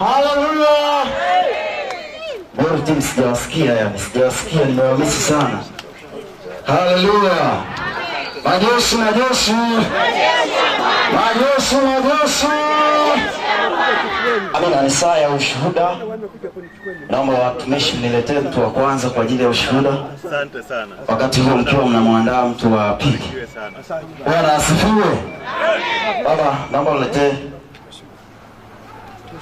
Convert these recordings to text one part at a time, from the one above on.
Haleluya! Bora timu sijawasikia, yani sijawasikia, nimewamisi sana. Haleluya! Majeshi, majeshi, majeshi, majeshi. Amina. Ni saa ya ushuhuda, naomba watumishi mniletee mtu wa kwanza kwa ajili ya ushuhuda. Asante sana. Wakati huo mkiwa mnamwandaa mtu wa pili. Bwana asifiwe. Baba, naomba uletee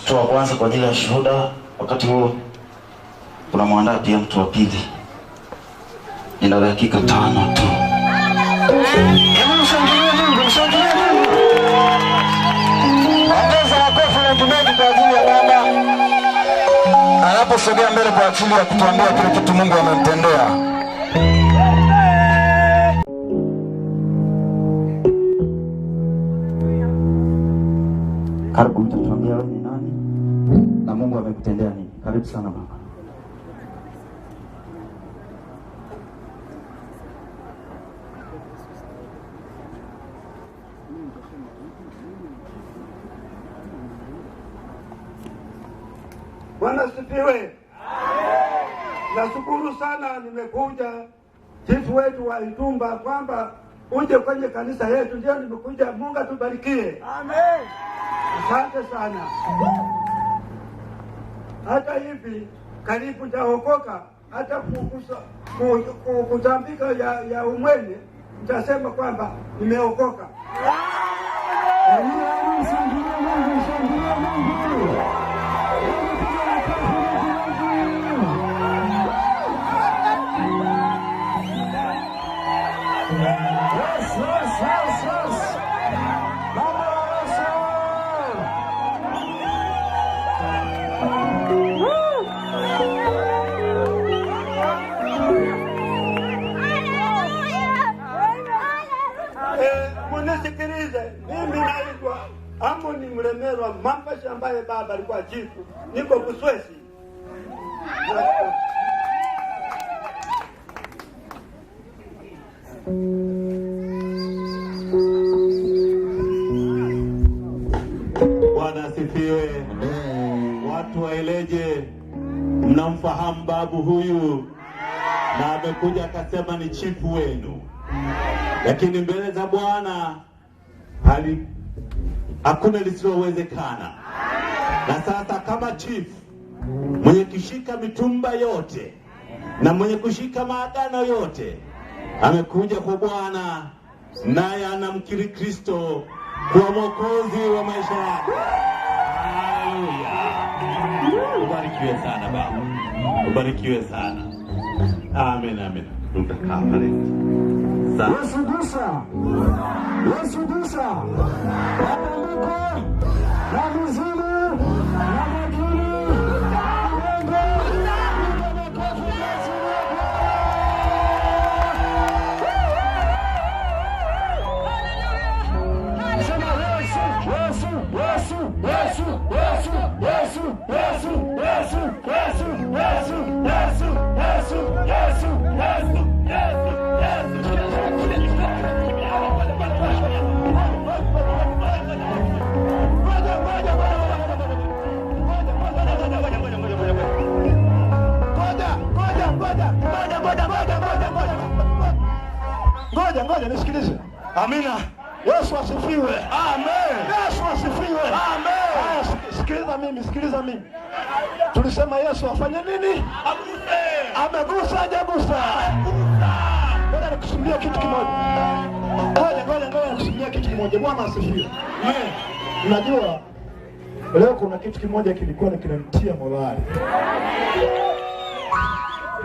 mtu wa kwanza kwa ajili ya shuhuda, wakati huo tunamwandaa pia mtu wa pili. Nina dakika tano tu. Anaposogea mbele kwa ajili ya kutuambia kile kitu Mungu amemtendea. Karibu mtatuambia wewe Mungu amekutendea nini. Karibu sana mama. Bwana sipiwe Nashukuru sana nimekuja chifu wetu wa Itumba kwamba uje kwenye kanisa yetu, ndio nimekuja. Mungu atubarikie. Amen. Asante sana hivi karibu taokoka hata kutambika ya, ya umwene mtasema kwamba nimeokoka. Yes, yes, yes, yes. pale baba alikuwa chifu, niko Buswesi. Bwana asifiwe. Watu waeleje mnamfahamu babu huyu, na amekuja akasema ni chifu wenu, lakini mbele za Bwana hali hakuna lisilowezekana. Na sasa kama chifu mwenye kushika mitumba yote na mwenye kushika maagano yote amekuja kwa Bwana, naye anamkiri Kristo kuwa mwokozi wa maisha yake. Haleluya! Ubarikiwe sana baba, ubarikiwe sana. Amen, amen. Tutakaa pale. Yesu gusa, Yesu gusa. moja nisikilize. Amina. Yesu asifiwe. Amen. Yesu asifiwe. Amen. Sikiliza mimi, sikiliza mimi. Tulisema Yesu afanye nini? Aguse. Amegusa, hajagusa? Amegusa. Ngoja nikusimulie kitu kimoja. Ngoja, ngoja, ngoja nikusimulie kitu kimoja. Bwana asifiwe. Amen. Unajua leo kuna kitu kimoja kilikuwa kinanitia morali.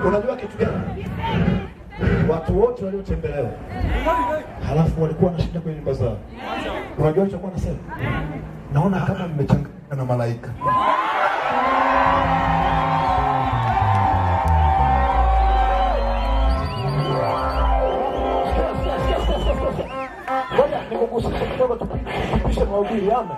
Unajua kitu gani? watu wote waliotembelewa, halafu walikuwa wanashinda kwenye nyumba zao. Unajua alichokuwa anasema, naona kama mmechanganyika na malaika. Nikugusia kidogo tupishe maubiri ama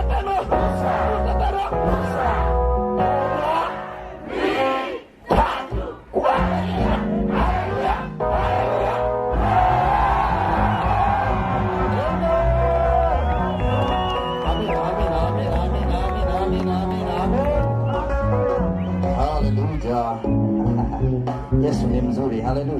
Hallelujah.